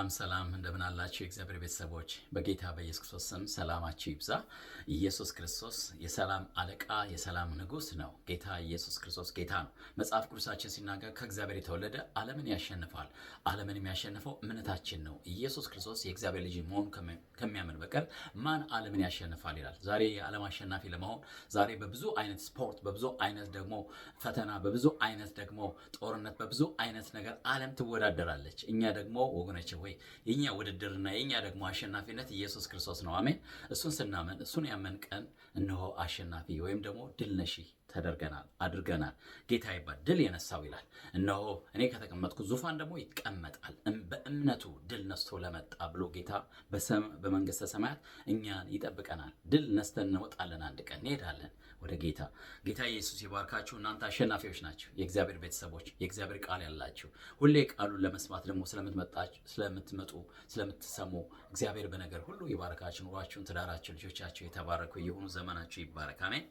ሰላም ሰላም፣ እንደምን አላችሁ የእግዚአብሔር ቤተሰቦች? በጌታ በኢየሱስ ክርስቶስ ስም ሰላማችሁ ይብዛ። ኢየሱስ ክርስቶስ የሰላም አለቃ የሰላም ንጉስ ነው። ጌታ ኢየሱስ ክርስቶስ ጌታ ነው። መጽሐፍ ቅዱሳችን ሲናገር ከእግዚአብሔር የተወለደ ዓለምን ያሸንፋል፣ ዓለምን የሚያሸንፈው እምነታችን ነው። ኢየሱስ ክርስቶስ የእግዚአብሔር ልጅ መሆኑ ከሚያምን በቀር ማን ዓለምን ያሸንፋል ይላል። ዛሬ የዓለም አሸናፊ ለመሆን ዛሬ በብዙ አይነት ስፖርት፣ በብዙ አይነት ደግሞ ፈተና፣ በብዙ አይነት ደግሞ ጦርነት፣ በብዙ አይነት ነገር ዓለም ትወዳደራለች። እኛ ደግሞ ወገኖች ሆይ የኛ ውድድርና የኛ ደግሞ አሸናፊነት ኢየሱስ ክርስቶስ ነው። አሜን። እሱን ስናመን እሱን ያመን ቀን እነሆ አሸናፊ ወይም ደግሞ ድል ነሺ ተደርገናል አድርገናል። ጌታ ይባል ድል የነሳው ይላል። እነሆ እኔ ከተቀመጥኩ ዙፋን ደግሞ ይቀመጣል በእምነቱ ድል ነስቶ ለመጣ ብሎ ጌታ በመንግስተ ሰማያት እኛን ይጠብቀናል። ድል ነስተን እንወጣለን። አንድ ቀን እንሄዳለን። ወደ ጌታ ጌታ ኢየሱስ ይባርካችሁ። እናንተ አሸናፊዎች ናቸው፣ የእግዚአብሔር ቤተሰቦች፣ የእግዚአብሔር ቃል ያላችሁ። ሁሌ ቃሉን ለመስማት ደግሞ ስለምትመጡ ስለምትሰሙ እግዚአብሔር በነገር ሁሉ ይባርካችሁ። ኑሯችሁን፣ ትዳራችሁ፣ ልጆቻችሁ የተባረኩ የሆኑ ዘመናችሁ ይባረክ። አሜን።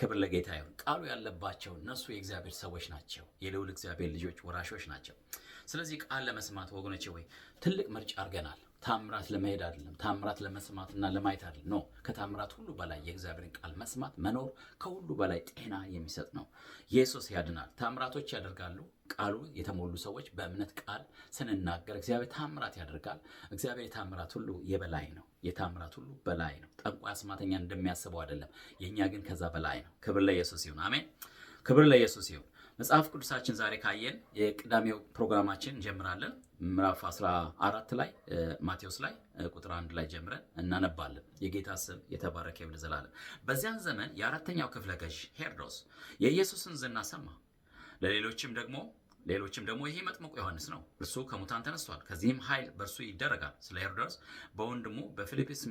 ክብር ለጌታ ይሁን። ቃሉ ያለባቸው እነሱ የእግዚአብሔር ሰዎች ናቸው፣ የልዑል እግዚአብሔር ልጆች፣ ወራሾች ናቸው። ስለዚህ ቃል ለመስማት ወገኖቼ ወይ ትልቅ ምርጫ አድርገናል። ታምራት ለመሄድ አይደለም፣ ታምራት ለመስማትና ለማየት አይደለም። ኖ ከታምራት ሁሉ በላይ የእግዚአብሔርን ቃል መስማት መኖር ከሁሉ በላይ ጤና የሚሰጥ ነው። ኢየሱስ ያድናል፣ ታምራቶች ያደርጋሉ። ቃሉ የተሞሉ ሰዎች በእምነት ቃል ስንናገር እግዚአብሔር ታምራት ያደርጋል። እግዚአብሔር የታምራት ሁሉ የበላይ ነው። የታምራት ሁሉ በላይ ነው። ጠንቋይ አስማተኛ እንደሚያስበው አይደለም። የእኛ ግን ከዛ በላይ ነው። ክብር ለኢየሱስ ይሁን። አሜን። ክብር ለኢየሱስ ይሁን። መጽሐፍ ቅዱሳችን ዛሬ ካየን የቅዳሜው ፕሮግራማችን እንጀምራለን። ምዕራፍ 14 ላይ ማቴዎስ ላይ ቁጥር አንድ ላይ ጀምረን እናነባለን። የጌታ ስም የተባረከ ይሁን ለዘላለም። በዚያን ዘመን የአራተኛው ክፍለ ገዥ ሄሮድስ የኢየሱስን ዝና ሰማ። ለሌሎችም ደግሞ ሌሎችም ደግሞ ይሄ መጥምቁ ዮሐንስ ነው፣ እርሱ ከሙታን ተነስቷል፣ ከዚህም ኃይል በእርሱ ይደረጋል። ስለ ሄሮድስ በወንድሙ በፊልጶስ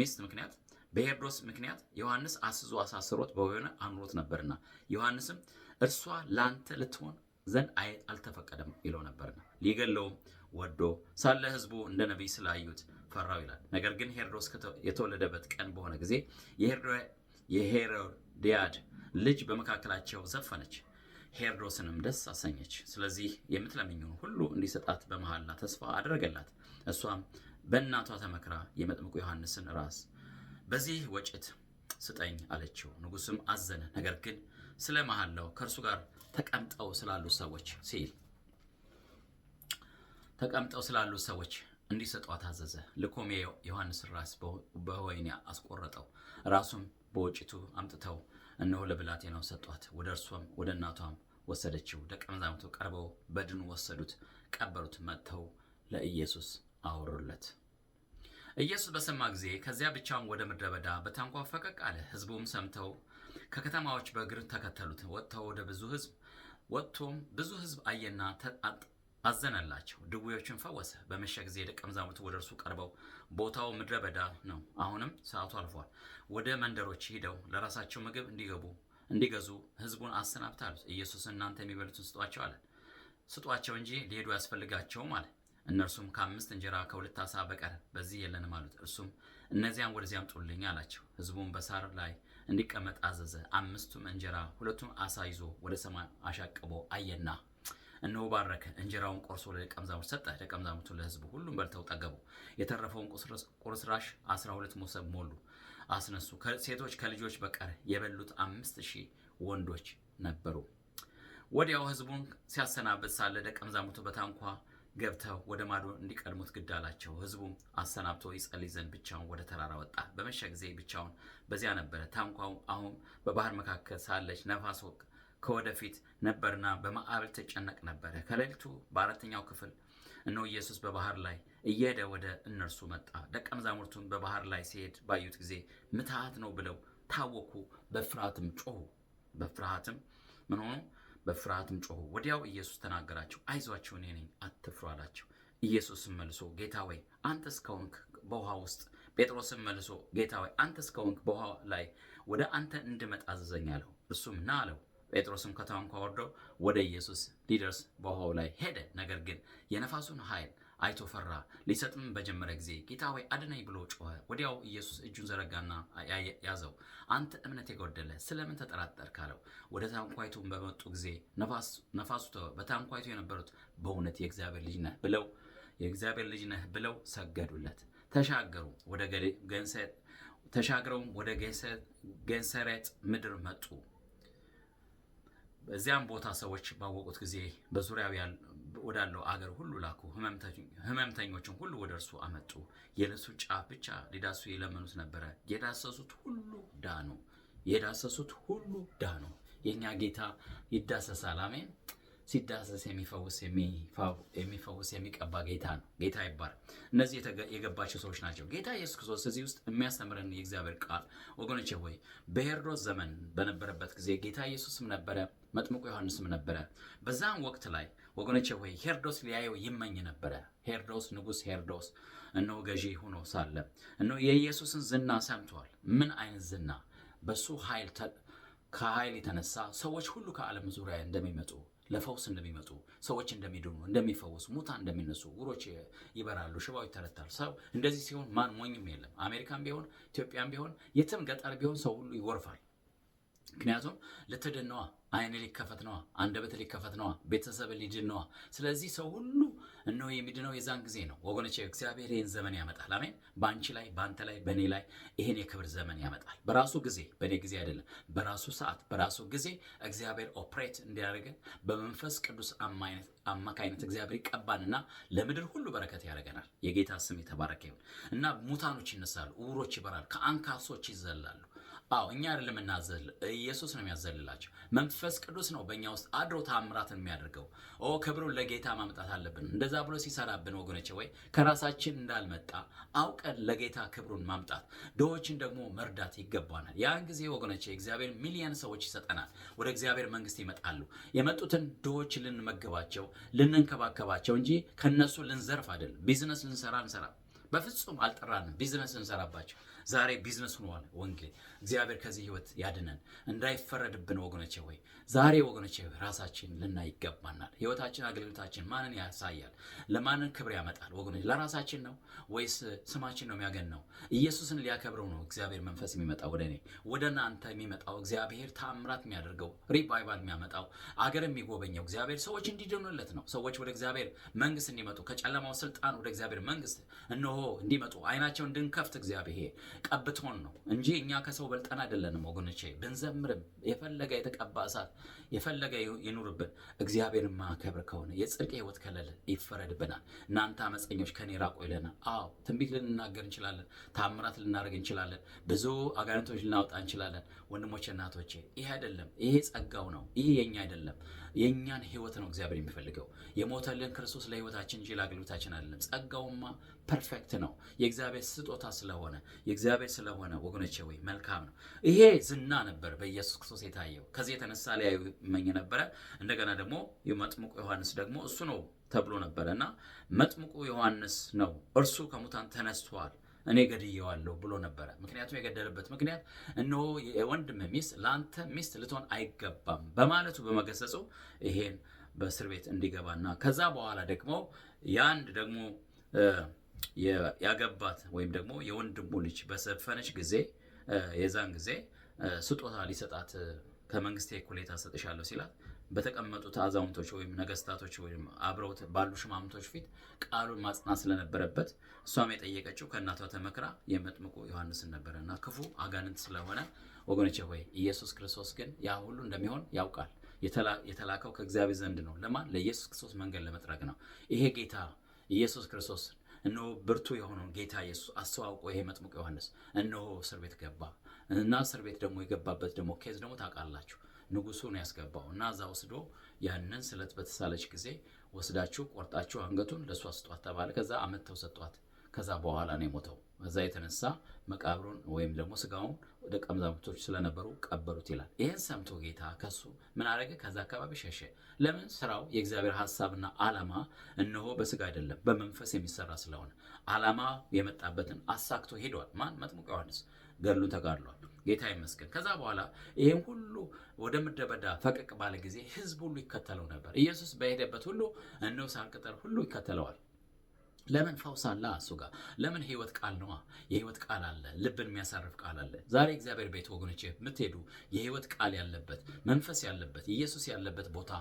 ሚስት ምክንያት በሄሮድስ ምክንያት ዮሐንስ አስዞ አሳስሮት በወህኒ አኑሮት ነበርና ዮሐንስም እርሷ ለአንተ ልትሆን ዘንድ አልተፈቀደም ይለው ነበርና ሊገለውም ወዶ ሳለ ህዝቡ እንደ ነቢይ ስላዩት ፈራው ይላል። ነገር ግን ሄሮድስ የተወለደበት ቀን በሆነ ጊዜ የሄሮድያድ ልጅ በመካከላቸው ዘፈነች፣ ሄሮድስንም ደስ አሰኘች። ስለዚህ የምትለምኘው ሁሉ እንዲሰጣት በመሐላ ተስፋ አደረገላት። እሷም በእናቷ ተመክራ የመጥምቁ ዮሐንስን ራስ በዚህ ወጭት ስጠኝ አለችው። ንጉስም አዘነ፣ ነገር ግን ስለ መሐላው ከእርሱ ጋር ተቀምጠው ስላሉ ሰዎች ሲል ተቀምጠው ስላሉ ሰዎች እንዲሰጧት አዘዘ ልኮም የዮሐንስ ራስ በወህኒ አስቆረጠው። ራሱም በወጭቱ አምጥተው እነሆ ለብላቴናው ሰጧት። ወደ እርሷም ወደ እናቷም ወሰደችው። ደቀ መዛሙርቱ ቀርበው በድኑ ወሰዱት፣ ቀበሩት። መጥተው ለኢየሱስ አወሩለት። ኢየሱስ በሰማ ጊዜ ከዚያ ብቻውን ወደ ምድረ በዳ በታንኳ ፈቀቅ አለ። ሕዝቡም ሰምተው ከከተማዎች በእግር ተከተሉት። ወጥተው ወደ ብዙ ህዝብ ወጥቶም ብዙ ህዝብ አየና አዘነላቸው፣ ድዌዎችን ፈወሰ። በመሸ ጊዜ ደቀ መዛሙርቱ ወደ እርሱ ቀርበው ቦታው ምድረ በዳ ነው፣ አሁንም ሰዓቱ አልፏል፣ ወደ መንደሮች ሂደው ለራሳቸው ምግብ እንዲገቡ እንዲገዙ ህዝቡን አሰናብት አሉት። ኢየሱስ እናንተ የሚበሉትን ስጧቸው አለ። ስጧቸው እንጂ ሊሄዱ ያስፈልጋቸውም አለ። እነርሱም ከአምስት እንጀራ ከሁለት አሳ በቀር በዚህ የለንም አሉት። እርሱም እነዚያም ወደዚያም ጡልኝ አላቸው። ህዝቡም በሳር ላይ እንዲቀመጥ አዘዘ። አምስቱም እንጀራ ሁለቱም አሳ ይዞ ወደ ሰማይ አሻቅቦ አየና እነሆ ባረከ። እንጀራውን ቆርሶ ለደቀ መዛሙርት ሰጠ፣ ደቀ መዛሙርቱ ለሕዝቡ ሁሉም በልተው ጠገቡ። የተረፈውን ቁርስራሽ አስራ ሁለት መሶብ ሞሉ፣ አስነሱ። ሴቶች ከልጆች በቀር የበሉት አምስት ሺህ ወንዶች ነበሩ። ወዲያው ሕዝቡን ሲያሰናበት ሳለ ደቀ መዛሙርቱ በታንኳ ገብተው ወደ ማዶ እንዲቀድሙት ግድ አላቸው። ህዝቡ አሰናብቶ ይጸልይ ዘንድ ብቻውን ወደ ተራራ ወጣ። በመሸ ጊዜ ብቻውን በዚያ ነበረ። ታንኳው አሁን በባህር መካከል ሳለች ነፋስ ከወደፊት ነበርና በማዕበል ተጨነቅ ነበረ። ከሌሊቱ በአራተኛው ክፍል እነሆ ኢየሱስ በባህር ላይ እየሄደ ወደ እነርሱ መጣ። ደቀ መዛሙርቱን በባህር ላይ ሲሄድ ባዩት ጊዜ ምትሃት ነው ብለው ታወኩ፣ በፍርሃትም ጮሁ። በፍርሃትም ምን ሆኑ? በፍርሃትም ጮኹ። ወዲያው ኢየሱስ ተናገራቸው፣ አይዟቸው እኔ ነኝ፣ አትፍሩ አላቸው። ኢየሱስም መልሶ ጌታ ወይ አንተ እስከሆንክ በውሃ ውስጥ ጴጥሮስም መልሶ ጌታ ወይ አንተ እስከሆንክ በውሃ ላይ ወደ አንተ እንድመጣ አዘዘኝ አለው። እሱም ና አለው። ጴጥሮስም ከታንኳ ወርዶ ወደ ኢየሱስ ሊደርስ በውሃው ላይ ሄደ። ነገር ግን የነፋሱን ኃይል አይቶ ፈራ። ሊሰጥም በጀመረ ጊዜ ጌታ ሆይ አድነኝ ብሎ ጮኸ። ወዲያው ኢየሱስ እጁን ዘረጋና ያዘው። አንተ እምነት የጎደለ ስለምን ተጠራጠር ካለው። ወደ ታንኳይቱን በመጡ ጊዜ ነፋሱ ተወ። በታንኳይቱ የነበሩት በእውነት የእግዚአብሔር ልጅ ነህ ብለው የእግዚአብሔር ልጅ ነህ ብለው ሰገዱለት። ተሻገሩ ወደ ገንሰት ተሻግረውም ወደ ገንሰረጥ ምድር መጡ። በዚያም ቦታ ሰዎች ባወቁት ጊዜ በዙሪያው ወዳለው አገር ሁሉ ላኩ። ህመምተኞችን ሁሉ ወደ እርሱ አመጡ። የልብሱ ጫፍ ብቻ ሊዳሱ የለመኑት ነበረ። የዳሰሱት ሁሉ ዳኑ። የዳሰሱት ሁሉ ዳኑ። የእኛ ጌታ ይዳሰሳል። አሜን። ሲዳሰስ የሚፈውስ የሚቀባ ጌታ ነው። ጌታ ይባላል። እነዚህ የገባቸው ሰዎች ናቸው። ጌታ ኢየሱስ ክርስቶስ እዚህ ውስጥ የሚያስተምረን የእግዚአብሔር ቃል ወገኖች ሆይ በሄሮድስ ዘመን በነበረበት ጊዜ ጌታ ኢየሱስም ነበረ፣ መጥምቁ ዮሐንስም ነበረ። በዛም ወቅት ላይ ወገኖች ሆይ ሄሮድስ ሊያየው ይመኝ ነበረ። ሄሮድስ ንጉሥ ሄሮድስ እነሆ ገዢ ሆኖ ሳለ እነሆ የኢየሱስን ዝና ሰምቷል። ምን አይነት ዝና? በሱ ኃይል ከኃይል የተነሳ ሰዎች ሁሉ ከዓለም ዙሪያ እንደሚመጡ ለፈውስ እንደሚመጡ ሰዎች እንደሚድኑ፣ እንደሚፈወሱ፣ ሙታን እንደሚነሱ፣ ውሮች ይበራሉ፣ ሽባው ይተረታል። ሰው እንደዚህ ሲሆን ማን ሞኝም የለም። አሜሪካም ቢሆን ኢትዮጵያም ቢሆን የትም ገጠር ቢሆን ሰው ሁሉ ይጎርፋል። ምክንያቱም ልትድነዋ አይን ሊከፈት ነዋ፣ አንደበት ሊከፈት ነዋ፣ ቤተሰብ ሊድነዋ ስለዚህ ሰው ሁሉ እነሆ የሚድነው የዛን ጊዜ ነው ወገኖቼ። እግዚአብሔር ይህን ዘመን ያመጣል። አሜን። በአንቺ ላይ፣ በአንተ ላይ፣ በእኔ ላይ ይህን የክብር ዘመን ያመጣል። በራሱ ጊዜ፣ በእኔ ጊዜ አይደለም፣ በራሱ ሰዓት፣ በራሱ ጊዜ እግዚአብሔር ኦፕሬት እንዲያደርገ በመንፈስ ቅዱስ አማይነት አማካይነት እግዚአብሔር ይቀባንና ለምድር ሁሉ በረከት ያደርገናል። የጌታ ስም የተባረከ ይሁን እና ሙታኖች ይነሳሉ፣ እውሮች ይበራሉ፣ ከአንካሶች ይዘላሉ አዎ እኛ አይደለም እናዘል፣ ኢየሱስ ነው የሚያዘልላቸው። መንፈስ ቅዱስ ነው በእኛ ውስጥ አድሮ ታምራትን የሚያደርገው። ኦ ክብሩን ለጌታ ማምጣት አለብን። እንደዛ ብሎ ሲሰራብን ወገኖች፣ ወይ ከራሳችን እንዳልመጣ አውቀን ለጌታ ክብሩን ማምጣት፣ ድሆችን ደግሞ መርዳት ይገባናል። ያን ጊዜ ወገኖች፣ እግዚአብሔር ሚሊየን ሰዎች ይሰጠናል፣ ወደ እግዚአብሔር መንግስት ይመጣሉ። የመጡትን ድሆች ልንመገባቸው ልንንከባከባቸው እንጂ ከነሱ ልንዘርፍ አይደለም። ቢዝነስ ልንሰራ እንሰራ በፍጹም አልጠራንም ቢዝነስ እንሰራባቸው ዛሬ ቢዝነስ ሆኗል ወንጌል። እግዚአብሔር ከዚህ ህይወት ያድነን እንዳይፈረድብን ወገኖቼ ወይ ዛሬ ወገኖቼ ራሳችን ልናይ ይገባናል። ህይወታችን፣ አገልግሎታችን ማንን ያሳያል? ለማንን ክብር ያመጣል? ወገኖች ለራሳችን ነው ወይስ ስማችን ነው የሚያገን ነው? ኢየሱስን ሊያከብረው ነው እግዚአብሔር መንፈስ የሚመጣው ወደ እኔ ወደ እናንተ የሚመጣው እግዚአብሔር ታምራት የሚያደርገው ሪቫይቫል የሚያመጣው አገር የሚጎበኘው እግዚአብሔር ሰዎች እንዲድኑለት ነው። ሰዎች ወደ እግዚአብሔር መንግስት እንዲመጡ ከጨለማው ስልጣን ወደ እግዚአብሔር መንግስት እነሆ እንዲመጡ አይናቸው እንድንከፍት እግዚአብሔር ቀብቶን ነው እንጂ እኛ ከሰው በልጠን አይደለንም ወገኖቼ። ብንዘምርም የፈለገ የተቀባ እሳት የፈለገ ይኑርብን፣ እግዚአብሔር ማከብር ከሆነ የጽድቅ ህይወት ከለለ ይፈረድብናል። እናንተ አመፀኞች ከኔ ራቆ ይለናል። አዎ ትንቢት ልንናገር እንችላለን፣ ታምራት ልናደርግ እንችላለን፣ ብዙ አጋንንቶች ልናወጣ እንችላለን። ወንድሞቼ እናቶቼ፣ ይህ አይደለም። ይሄ ጸጋው ነው። ይህ የኛ አይደለም። የእኛን ህይወት ነው እግዚአብሔር የሚፈልገው። የሞተልን ክርስቶስ ለህይወታችን እንጂ ለአገልግሎታችን አይደለም። ጸጋውማ ፐርፌክት ነው። የእግዚአብሔር ስጦታ ስለሆነ የእግዚአብሔር ስለሆነ ወገኖቼ ወይ መልካም ነው። ይሄ ዝና ነበር በኢየሱስ ክርስቶስ የታየው። ከዚህ የተነሳ ላይ መኝ ነበረ። እንደገና ደግሞ መጥምቁ ዮሐንስ ደግሞ እሱ ነው ተብሎ ነበረ እና መጥምቁ ዮሐንስ ነው እርሱ ከሙታን ተነስቷል እኔ ገድየዋለሁ ብሎ ነበረ። ምክንያቱም የገደለበት ምክንያት እነሆ የወንድም ሚስት ለአንተ ሚስት ልትሆን አይገባም በማለቱ በመገሰጹ ይሄን በእስር ቤት እንዲገባ እንዲገባና ከዛ በኋላ ደግሞ የአንድ ደግሞ ያገባት ወይም ደግሞ የወንድሙ ልጅ በሰፈነች ጊዜ የዛን ጊዜ ስጦታ ሊሰጣት ከመንግስት እኩሌታ ሰጥሻለሁ ሲላት በተቀመጡት አዛውንቶች ወይም ነገስታቶች ወይም አብረው ባሉ ሽማምቶች ፊት ቃሉን ማጽናት ስለነበረበት እሷም የጠየቀችው ከእናቷ ተመክራ የመጥምቁ ዮሐንስን ነበረ እና ክፉ አጋንንት ስለሆነ ወገኖች ሆይ ኢየሱስ ክርስቶስ ግን ያ ሁሉ እንደሚሆን ያውቃል። የተላከው ከእግዚአብሔር ዘንድ ነው። ለማን? ለኢየሱስ ክርስቶስ መንገድ ለመጥረግ ነው። ይሄ ጌታ ኢየሱስ ክርስቶስ እነሆ ብርቱ የሆነውን ጌታ ኢየሱስ አስተዋውቆ ይሄ መጥምቁ ዮሐንስ እነሆ እስር ቤት ገባ እና እስር ቤት ደግሞ የገባበት ደግሞ ኬዝ ደግሞ ታውቃላችሁ ንጉሱ ነው ያስገባው እና እዛ ወስዶ ያንን ስለት በተሳለች ጊዜ ወስዳችሁ ቆርጣችሁ አንገቱን ለእሷ ስጧት ተባለ። ከዛ አመተው ሰጧት። ከዛ በኋላ ነው የሞተው። እዛ የተነሳ መቃብሩን ወይም ደግሞ ስጋውን ደቀ መዛሙርቶች ስለነበሩ ቀበሩት ይላል። ይህን ሰምቶ ጌታ ከሱ ምን አረገ? ከዛ አካባቢ ሸሸ። ለምን? ስራው የእግዚአብሔር ሀሳብና አላማ እነሆ በስጋ አይደለም በመንፈስ የሚሰራ ስለሆነ አላማ የመጣበትን አሳክቶ ሄደዋል። ማን? መጥምቁ ዮሐንስ ገድሉን ተጋድሏል። ጌታ ይመስገን። ከዛ በኋላ ይህም ሁሉ ወደ ምድረ በዳ ፈቀቅ ባለ ጊዜ ህዝብ ሁሉ ይከተለው ነበር። ኢየሱስ በሄደበት ሁሉ እነሆ ሳር ቅጠል ሁሉ ይከተለዋል። ለምን ፈውስ አለ እሱ ጋር? ለምን ህይወት ቃል ነዋ። የህይወት ቃል አለ፣ ልብን የሚያሳርፍ ቃል አለ። ዛሬ እግዚአብሔር ቤት ወገኖች የምትሄዱ የህይወት ቃል ያለበት መንፈስ ያለበት ኢየሱስ ያለበት ቦታ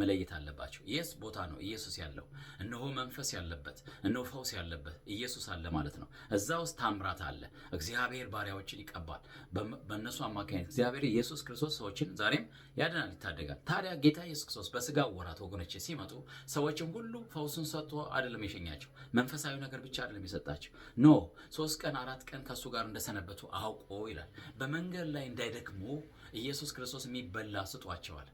መለየት አለባቸው። የስ ቦታ ነው ኢየሱስ ያለው? እነሆ መንፈስ ያለበት፣ እነሆ ፈውስ ያለበት ኢየሱስ አለ ማለት ነው። እዛ ውስጥ ታምራት አለ። እግዚአብሔር ባሪያዎችን ይቀባል። በእነሱ አማካኝነት እግዚአብሔር ኢየሱስ ክርስቶስ ሰዎችን ዛሬም ያድናል፣ ይታደጋል። ታዲያ ጌታ ኢየሱስ ክርስቶስ በስጋ ወራት ወገኖች ሲመጡ ሰዎችን ሁሉ ፈውሱን ሰጥቶ አይደለም የሸኛቸው የሰጣቸው። መንፈሳዊ ነገር ብቻ አይደለም የሰጣቸው። ኖ ሶስት ቀን አራት ቀን ከእሱ ጋር እንደሰነበቱ አውቆ ይላል በመንገድ ላይ እንዳይደክሙ ኢየሱስ ክርስቶስ የሚበላ ስጧቸዋል።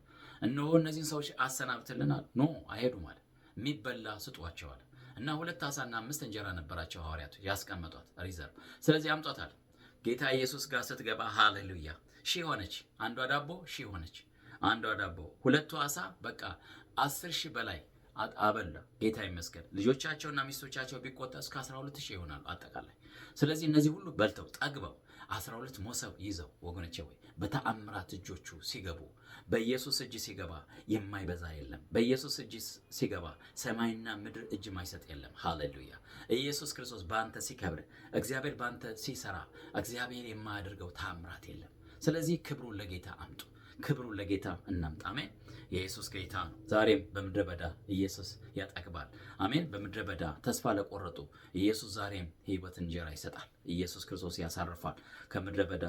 እነሆ እነዚህን ሰዎች አሰናብትልናል። ኖ አይሄዱም አለ። የሚበላ ስጧቸዋል። እና ሁለት ዓሳና አምስት እንጀራ ነበራቸው ሐዋርያቱ ያስቀመጧት ሪዘርቭ። ስለዚህ አምጧታል። ጌታ ኢየሱስ ጋር ስትገባ ሃሌሉያ ሺ ሆነች። አንዷ ዳቦ ሺ ሆነች። አንዷ ዳቦ ሁለቱ ዓሳ በቃ አስር ሺህ በላይ አበላ ጌታ ይመስገን። ልጆቻቸውና ሚስቶቻቸው ቢቆጠ እስከ 12 ሺህ ይሆናሉ አጠቃላይ። ስለዚህ እነዚህ ሁሉ በልተው ጠግበው 12 ሞሰብ ይዘው ወገኖቼ ወይ በተአምራት እጆቹ ሲገቡ በኢየሱስ እጅ ሲገባ የማይበዛ የለም። በኢየሱስ እጅ ሲገባ ሰማይና ምድር እጅ ማይሰጥ የለም። ሃሌሉያ! ኢየሱስ ክርስቶስ በአንተ ሲከብር፣ እግዚአብሔር በአንተ ሲሰራ፣ እግዚአብሔር የማያደርገው ተአምራት የለም። ስለዚህ ክብሩን ለጌታ አምጡ። ክብሩን ለጌታ እናምጣ። አሜን። የኢየሱስ ጌታ ነው። ዛሬም በምድረ በዳ ኢየሱስ ያጠግባል። አሜን። በምድረ በዳ ተስፋ ለቆረጡ ኢየሱስ ዛሬም የሕይወት እንጀራ ይሰጣል። ኢየሱስ ክርስቶስ ያሳርፋል። ከምድረ በዳ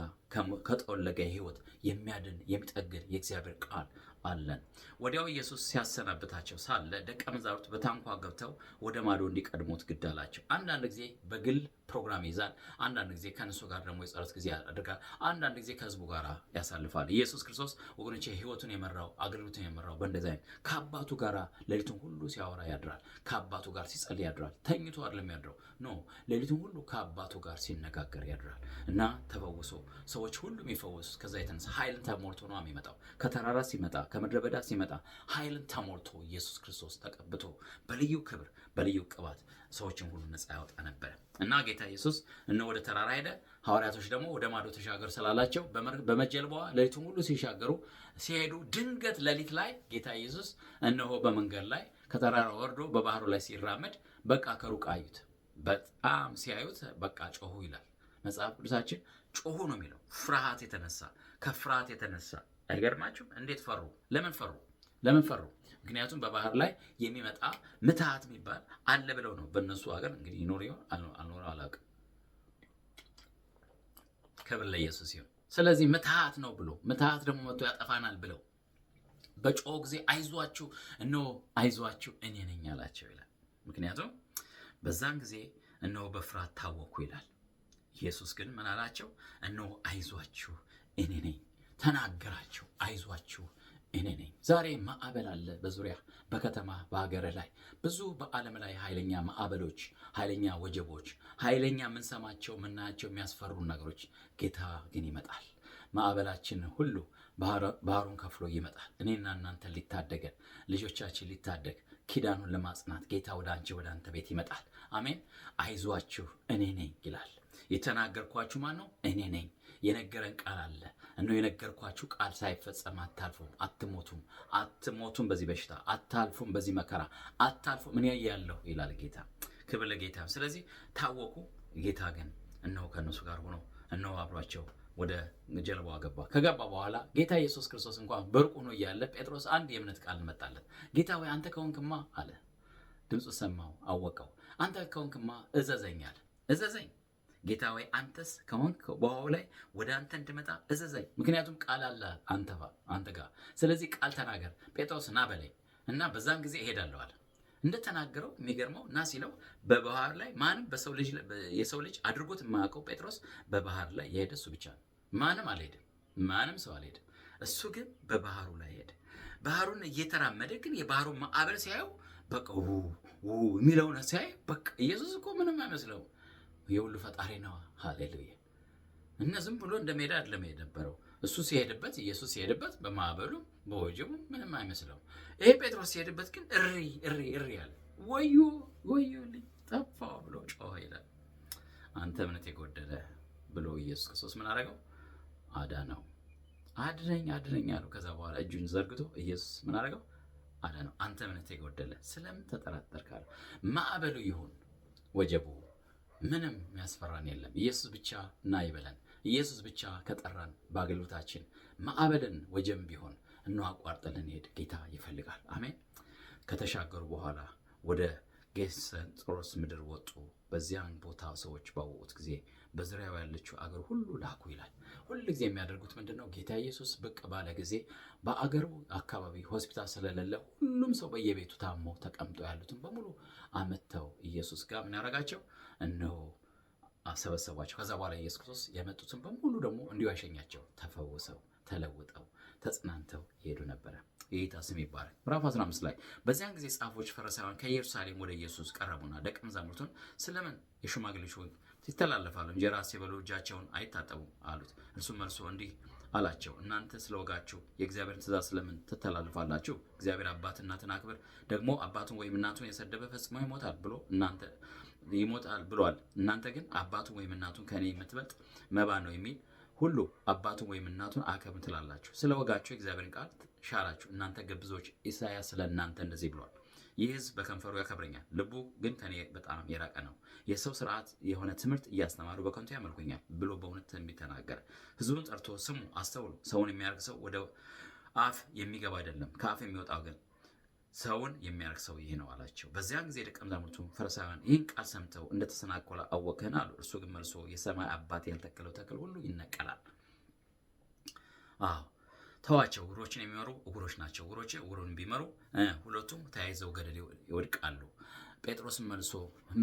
ከጠወለገ ሕይወት የሚያድን የሚጠግን የእግዚአብሔር ቃል አለን። ወዲያው ኢየሱስ ሲያሰናብታቸው ሳለ ደቀ መዛሙርት በታንኳ ገብተው ወደ ማዶ እንዲቀድሙት ግድ አላቸው። አንዳንድ ጊዜ በግል ፕሮግራም ይዛል፣ አንዳንድ ጊዜ ከእነሱ ጋር ደግሞ የጸረት ጊዜ ያደርጋል፣ አንዳንድ ጊዜ ከህዝቡ ጋር ያሳልፋል። ኢየሱስ ክርስቶስ ወገኖች ህይወቱን የመራው አገልግሎቱን የመራው በእንደዚ አይነት ከአባቱ ጋር ሌሊቱን ሁሉ ሲያወራ ያድራል። ከአባቱ ጋር ሲጸል ያድራል። ተኝቶ አይደለም ያድረው ኖ ሌሊቱን ሁሉ ከአባቱ ጋር ሲነጋገር ያድራል እና ተፈውሶ ሰዎች ሁሉም ይፈወሱ ከዛ የተነሳ ኃይልን ተሞልቶ ነው የሚመጣው ከተራራ ሲመጣ ከምድረ በዳ ሲመጣ ኃይልን ተሞልቶ ኢየሱስ ክርስቶስ ተቀብቶ በልዩ ክብር በልዩ ቅባት ሰዎችን ሁሉ ነፃ ያወጣ ነበረ እና ጌታ ኢየሱስ እነ ወደ ተራራ ሄደ። ሐዋርያቶች ደግሞ ወደ ማዶ ተሻገር ስላላቸው በመጀልባዋ ሌሊቱን ሁሉ ሲሻገሩ ሲሄዱ ድንገት ሌሊት ላይ ጌታ ኢየሱስ እነሆ በመንገድ ላይ ከተራራ ወርዶ በባህሩ ላይ ሲራመድ በቃ ከሩቅ አዩት። በጣም ሲያዩት በቃ ጮሁ ይላል መጽሐፍ ቅዱሳችን። ጮሁ ነው የሚለው ፍርሃት የተነሳ ከፍርሃት የተነሳ አይገርማችሁም? እንዴት ፈሩ? ለምን ፈሩ? ለምን ፈሩ? ምክንያቱም በባህር ላይ የሚመጣ ምትሃት የሚባል አለ ብለው ነው። በእነሱ ሀገር እንግዲህ ይኖር ይሆን አልኖረ አላውቅም። ክብር ለኢየሱስ ይሁን። ስለዚህ ምትሃት ነው ብሎ ምትሃት ደግሞ መጥቶ ያጠፋናል ብለው በጮ ጊዜ አይዟችሁ፣ እነሆ አይዟችሁ እኔ ነኝ አላቸው ይላል። ምክንያቱም በዛን ጊዜ እነሆ በፍርሃት ታወኩ ይላል። ኢየሱስ ግን ምን አላቸው? እነሆ አይዟችሁ እኔ ነኝ ተናገራቸው። አይዟችሁ እኔ ነኝ። ዛሬ ማዕበል አለ በዙሪያ በከተማ በሀገር ላይ ብዙ በዓለም ላይ ኃይለኛ ማዕበሎች፣ ኃይለኛ ወጀቦች፣ ኃይለኛ ምንሰማቸው ምናያቸው የሚያስፈሩን ነገሮች። ጌታ ግን ይመጣል። ማዕበላችን ሁሉ ባህሩን ከፍሎ ይመጣል። እኔና እናንተን ሊታደገን፣ ልጆቻችን ሊታደግ፣ ኪዳኑን ለማጽናት ጌታ ወደ አንቺ ወደ አንተ ቤት ይመጣል። አሜን። አይዟችሁ እኔ ነኝ ይላል። የተናገርኳችሁ ማን ነው? እኔ ነኝ። የነገረን ቃል አለ። እነሆ የነገርኳችሁ ቃል ሳይፈጸም አታልፉም፣ አትሞቱም፣ አትሞቱም፣ በዚህ በሽታ አታልፉም፣ በዚህ መከራ አታልፉም። ምን ያያለሁ ይላል ጌታ። ክብር ለጌታ። ስለዚህ ታወቁ ጌታ ግን እነሆ ከእነሱ ጋር ሆኖ እነሆ አብሯቸው ወደ ጀልባዋ ገባ። ከገባ በኋላ ጌታ ኢየሱስ ክርስቶስ እንኳን በርቁ ሆኖ እያለ ጴጥሮስ አንድ የእምነት ቃል መጣለት። ጌታ ወይ አንተ ከሆንክማ አለ። ድምፁ ሰማው፣ አወቀው። አንተ ከሆንክማ እዘዘኛል፣ እዘዘኝ ጌታ ወይ አንተስ ከሆንክ በውሃው ላይ ወደ አንተ እንድመጣ እዘዘኝ፣ ምክንያቱም ቃል አለ አንተ ጋር። ስለዚህ ቃል ተናገር፣ ጴጥሮስ ና በላይ እና በዛን ጊዜ እሄዳለዋል። እንደተናገረው የሚገርመው ና ሲለው በባህር ላይ ማንም የሰው ልጅ አድርጎት የማያውቀው ጴጥሮስ በባህር ላይ የሄደ እሱ ብቻ ነው። ማንም አልሄድም፣ ማንም ሰው አልሄድም። እሱ ግን በባህሩ ላይ ሄደ። ባህሩን እየተራመደ ግን የባህሩን ማዕበል ሲያየው በቃ የሚለውን ሲያይ በቃ ኢየሱስ እኮ ምንም አይመስለው የሁሉ ፈጣሪ ነው ሃሌሉያ። እና ዝም ብሎ እንደ ሜዳ አይደለም የነበረው እሱ ሲሄድበት፣ ኢየሱስ ሲሄድበት በማዕበሉ በወጀቡ ምንም አይመስለውም። ይሄ ጴጥሮስ ሲሄድበት ግን እሪ እሪ እሪ ያለ ወዮ ወዮልኝ ጠፋው ብሎ ጮኸ ይላል። አንተ እምነት የጎደለ ብሎ ኢየሱስ ክርስቶስ ምን አደረገው? ነው አድነኝ አድነኝ አሉ። ከዛ በኋላ እጁን ዘርግቶ ኢየሱስ ምን አደረገው? ነው አንተ እምነት የጎደለ ስለምን ተጠራጠርክ ማዕበሉ ይሁን ወጀቡ ምንም የሚያስፈራን የለም። ኢየሱስ ብቻ ና ይበለን። ኢየሱስ ብቻ ከጠራን በአገልግሎታችን ማዕበልን ወጀም ቢሆን እናቋርጠን ልንሄድ ጌታ ይፈልጋል። አሜን። ከተሻገሩ በኋላ ወደ ጌሰን ምድር ወጡ። በዚያን ቦታ ሰዎች ባወቁት ጊዜ በዙሪያው ያለችው አገር ሁሉ ላኩ ይላል። ጊዜ የሚያደርጉት ምንድን ነው? ጌታ ኢየሱስ ብቅ ባለ ጊዜ በአገሩ አካባቢ ሆስፒታል ስለሌለ ሁሉም ሰው በየቤቱ ታሞ ተቀምጦ ያሉትን በሙሉ አመተው ኢየሱስ ጋር ምን ያደረጋቸው እነሆ ሰበሰቧቸው። ከዛ በኋላ ኢየሱስ ክርስቶስ የመጡትን በሙሉ ደግሞ እንዲሁ ያሸኛቸው። ተፈውሰው ተለውጠው ተጽናንተው ይሄዱ ነበረ። የጌታ ስም ይባላል። ምዕራፍ 15 ላይ በዚያን ጊዜ ጻፎች፣ ፈሪሳውያን ከኢየሩሳሌም ወደ ኢየሱስ ቀረቡና ደቀ መዛሙርቱን ስለምን የሽማግሌዎች ይተላለፋሉ፣ እንጀራ ሲበሉ እጃቸውን አይታጠቡም አሉት። እርሱም መልሶ እንዲህ አላቸው፣ እናንተ ስለ ወጋችሁ የእግዚአብሔርን ትእዛዝ ስለምን ትተላልፋላችሁ? እግዚአብሔር አባት እናትን አክብር፣ ደግሞ አባቱን ወይም እናቱን የሰደበ ፈጽሞ ይሞታል ብሎ እናንተ ይሞታል ብሏል። እናንተ ግን አባቱን ወይም እናቱን ከእኔ የምትበልጥ መባ ነው የሚል ሁሉ አባቱን ወይም እናቱን አከብር ትላላችሁ። ስለ ወጋችሁ የእግዚአብሔርን ቃል ሻራችሁ። እናንተ ግብዞች፣ ኢሳያስ ስለ እናንተ እንደዚህ ብሏል ይህ ህዝብ በከንፈሩ ያከብረኛል፣ ልቡ ግን ከኔ በጣም የራቀ ነው። የሰው ስርዓት የሆነ ትምህርት እያስተማሩ በከንቱ ያመልኩኛል ብሎ በእውነት ተናገረ። ህዝቡን ጠርቶ ስሙ፣ አስተውሉ። ሰውን የሚያርግ ሰው ወደ አፍ የሚገባ አይደለም፣ ከአፍ የሚወጣው ግን ሰውን የሚያርግ ሰው ይህ ነው አላቸው። በዚያን ጊዜ ደቀ መዛሙርቱ ፈሪሳውያን ይህን ቃል ሰምተው እንደተሰናኮለ አወቅህን አሉ። እርሱ ግን መልሶ የሰማይ አባት ያልተከለው ተክል ሁሉ ይነቀላል። አዎ ተዋቸው። እግሮችን የሚመሩ እግሮች ናቸው። እግሮች እግሩን ቢመሩ ሁለቱም ተያይዘው ገደል ይወድቃሉ። ጴጥሮስን መልሶ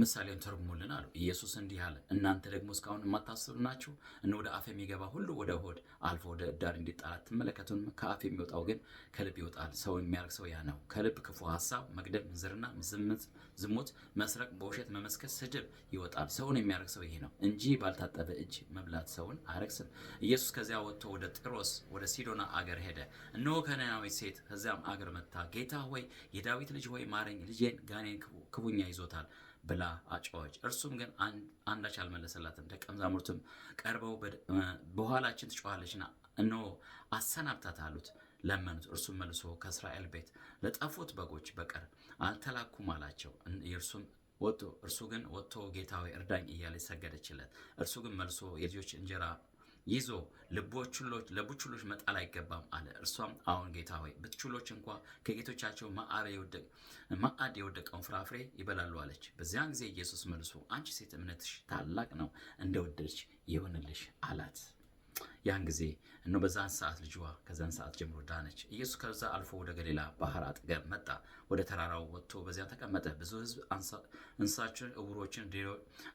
ምሳሌውን ተርጉሞልን አሉ። ኢየሱስ እንዲህ አለ፣ እናንተ ደግሞ እስካሁን የማታስብ ናችሁ። እነ ወደ አፍ የሚገባ ሁሉ ወደ ሆድ አልፎ ወደ እዳር እንዲጣል አትመለከቱም? ከአፍ የሚወጣው ግን ከልብ ይወጣል። ሰው የሚያርግ ሰው ያ ነው። ከልብ ክፉ ሀሳብ፣ መግደል፣ ምንዝርና፣ ዝሙት፣ መስረቅ፣ በውሸት መመስከስ፣ ስድብ ይወጣል። ሰውን የሚያርግ ሰው ይሄ ነው እንጂ ባልታጠበ እጅ መብላት ሰውን አያረክስም። ኢየሱስ ከዚያ ወጥቶ ወደ ጢሮስ ወደ ሲዶና አገር ሄደ። እነሆ ከነናዊት ሴት ከዚያም አገር መጥታ ጌታ ሆይ የዳዊት ልጅ ሆይ ማረኝ፣ ልጄን ጋኔን ክፉ ክፉኛ ይዞታል ብላ አጫዋች። እርሱም ግን አንዳች አልመለሰላትም። ደቀ መዛሙርቱም ቀርበው በኋላችን ትጮኻለችና እነሆ አሰናብታት አሉት፣ ለመኑት። እርሱም መልሶ ከእስራኤል ቤት ለጠፉት በጎች በቀር አልተላኩም አላቸው። እርሱም ወጥቶ እርሱ ግን ወጥቶ ጌታዊ እርዳኝ እያለ ሰገደችለት። እርሱ ግን መልሶ የልጆች እንጀራ ይዞ ልቦችሎች ለቡችሎች መጣል አይገባም አለ። እርሷም አሁን ጌታ ሆይ ብትችሎች እንኳ ከጌቶቻቸው ማዕድ የወደቀውን ፍራፍሬ ይበላሉ አለች። በዚያን ጊዜ ኢየሱስ መልሶ አንቺ ሴት እምነትሽ ታላቅ ነው፣ እንደ ወደድሽ ይሁንልሽ አላት። ያን ጊዜ እነሆ በዛን ሰዓት ልጅዋ ከዛን ሰዓት ጀምሮ ዳነች። ኢየሱስ ከዛ አልፎ ወደ ገሊላ ባህር አጠገብ መጣ። ወደ ተራራው ወጥቶ በዚያ ተቀመጠ። ብዙ ሕዝብ እንስሳችን፣ እውሮችን፣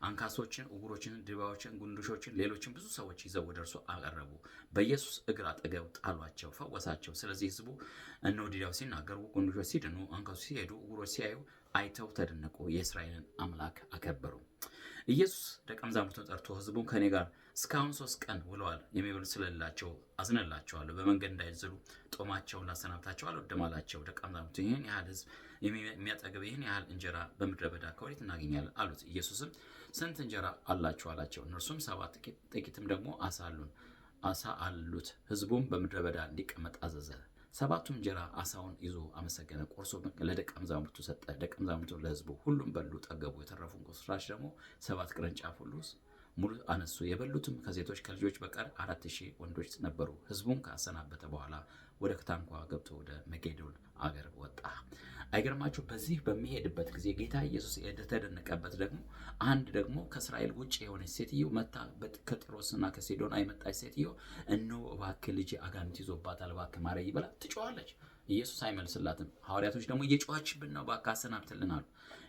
አንካሶችን፣ እውሮችን፣ ድባዎችን፣ ጉንዱሾችን፣ ሌሎችን ብዙ ሰዎች ይዘው ወደ እርሱ አቀረቡ። በኢየሱስ እግር አጠገብ ጣሏቸው፣ ፈወሳቸው። ስለዚህ ሕዝቡ እነሆ ድዳው ሲናገሩ፣ ጉንዱሾች ሲድኑ፣ አንካሶች ሲሄዱ፣ እውሮች ሲያዩ አይተው ተደነቁ፣ የእስራኤልን አምላክ አከበሩ። ኢየሱስ ደቀ መዛሙርቱን ጠርቶ ህዝቡን ከእኔ ጋር እስካሁን ሶስት ቀን ውለዋል፣ የሚበሉት ስለሌላቸው አዝነላቸዋለሁ፣ በመንገድ እንዳይዝሉ ጦማቸውን ላሰናብታቸው አልወድም አላቸው። ደቀ መዛሙርቱ ይህን ያህል ህዝብ የሚያጠግብ ይህን ያህል እንጀራ በምድረ በዳ ከወዴት እናገኛለን? አሉት። ኢየሱስም ስንት እንጀራ አላችሁ? አላቸው። እነርሱም ሰባት፣ ጥቂትም ደግሞ አሳ አሉን አሳ አሉት። ህዝቡም በምድረ በዳ እንዲቀመጥ አዘዘ። ሰባቱም እንጀራ አሳውን ይዞ አመሰገነ፣ ቆርሶ ለደቀ መዛሙርቱ ሰጠ። ደቀ መዛሙርቱ ለህዝቡ ሁሉም በሉ፣ ጠገቡ። የተረፉን ቁርስራሽ ደግሞ ሰባት ቅርንጫፍ ሁሉ ሙሉ አነሱ። የበሉትም ከሴቶች ከልጆች በቀር አራት ሺህ ወንዶች ነበሩ። ህዝቡን ካሰናበተ በኋላ ወደ ክታንኳ ገብቶ ወደ መጌዶን አገር ወጣ። አይገርማችሁ? በዚህ በሚሄድበት ጊዜ ጌታ ኢየሱስ የተደነቀበት ደግሞ አንድ ደግሞ ከእስራኤል ውጭ የሆነች ሴትዮ መታ ከጢሮስና ከሲዶና የመጣች ሴትዮ እነ እባክህ ልጅ አጋንንት ይዞባታል፣ እባክህ ማረይ ብላ ትጨዋለች ኢየሱስ አይመልስላትም። ሐዋርያቶች ደግሞ እየጮኸችብን ነው፣ እባክህ አሰናብትልን አሉ።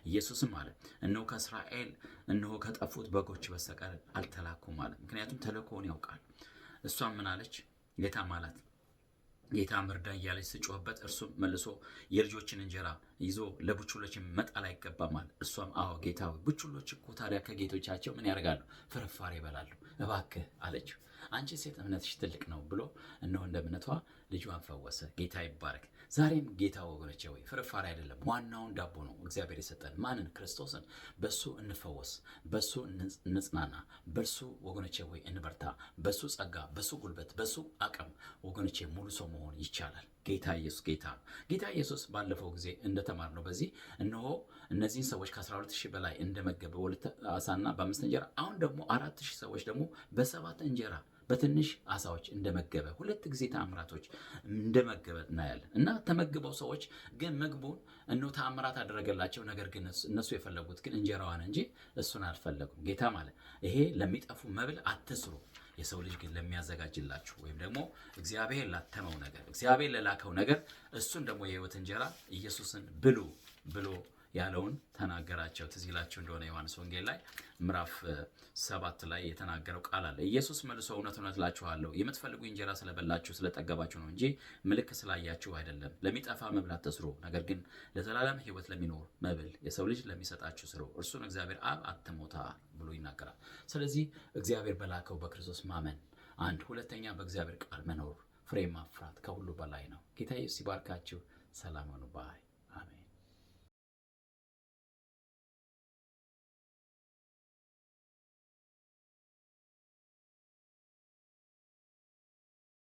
ኢየሱስም አለ እነሆ ከእስራኤል እነሆ ከጠፉት በጎች በስተቀር አልተላኩም አለ። ምክንያቱም ተልእኮውን ያውቃል። እሷም ምን አለች? ጌታ ማላት ጌታ ምርዳ እያለች ስጮህበት እርሱም መልሶ የልጆችን እንጀራ ይዞ ለቡችሎች መጣል አይገባም አለ። እሷም አዎ ጌታ ቡችሎች እኮ ታዲያ ከጌቶቻቸው ምን ያደርጋሉ? ፍርፋሬ ይበላሉ። እባክህ አለችው። አንቺ ሴት እምነትሽ ትልቅ ነው ብሎ እነሆ እንደ እምነቷ ልጇን ፈወሰ። ጌታ ይባረክ። ዛሬም ጌታ ወገኖቼ ወይ ፍርፋሪ አይደለም፣ ዋናውን ዳቦ ነው እግዚአብሔር የሰጠን ማንን? ክርስቶስን። በሱ እንፈወስ፣ በሱ እንጽናና፣ በሱ ወገኖቼ ወይ እንበርታ። በሱ ጸጋ፣ በሱ ጉልበት፣ በሱ አቅም ወገኖቼ ሙሉ ሰው መሆን ይቻላል። ጌታ ኢየሱስ ጌታ ነው። ጌታ ኢየሱስ ባለፈው ጊዜ እንደተማርነው በዚህ እነሆ እነዚህን ሰዎች ከ12 ሺህ በላይ እንደመገበ በሁለት አሳና በአምስት እንጀራ አሁን ደግሞ አራት ሺህ ሰዎች ደግሞ በሰባት እንጀራ በትንሽ አሳዎች እንደመገበ ሁለት ጊዜ ተአምራቶች እንደመገበ እናያለን። እና ተመግበው ሰዎች ግን ምግቡን እነ ተአምራት አደረገላቸው። ነገር ግን እነሱ የፈለጉት ግን እንጀራዋን እንጂ እሱን አልፈለጉም። ጌታ ማለት ይሄ ለሚጠፉ መብል አትስሩ የሰው ልጅ ግን ለሚያዘጋጅላችሁ ወይም ደግሞ እግዚአብሔር ላተመው ነገር እግዚአብሔር ለላከው ነገር እሱን ደግሞ የህይወት እንጀራ ኢየሱስን ብሉ ብሎ ያለውን ተናገራቸው። ትዝ ይላችሁ እንደሆነ ዮሐንስ ወንጌል ላይ ምዕራፍ ሰባት ላይ የተናገረው ቃል አለ። ኢየሱስ መልሶ እውነት እውነት እላችኋለሁ የምትፈልጉ እንጀራ ስለበላችሁ ስለጠገባችሁ ነው እንጂ ምልክ ስላያችሁ አይደለም። ለሚጠፋ መብላት ተስሮ፣ ነገር ግን ለዘላለም ሕይወት ለሚኖር መብል የሰው ልጅ ለሚሰጣችሁ ስሮ፣ እርሱን እግዚአብሔር አብ አትሞታ ብሎ ይናገራል። ስለዚህ እግዚአብሔር በላከው በክርስቶስ ማመን አንድ፣ ሁለተኛ በእግዚአብሔር ቃል መኖር ፍሬ ማፍራት ከሁሉ በላይ ነው። ጌታ ኢየሱስ ይባርካችሁ። ሰላም ሆኑ ባይ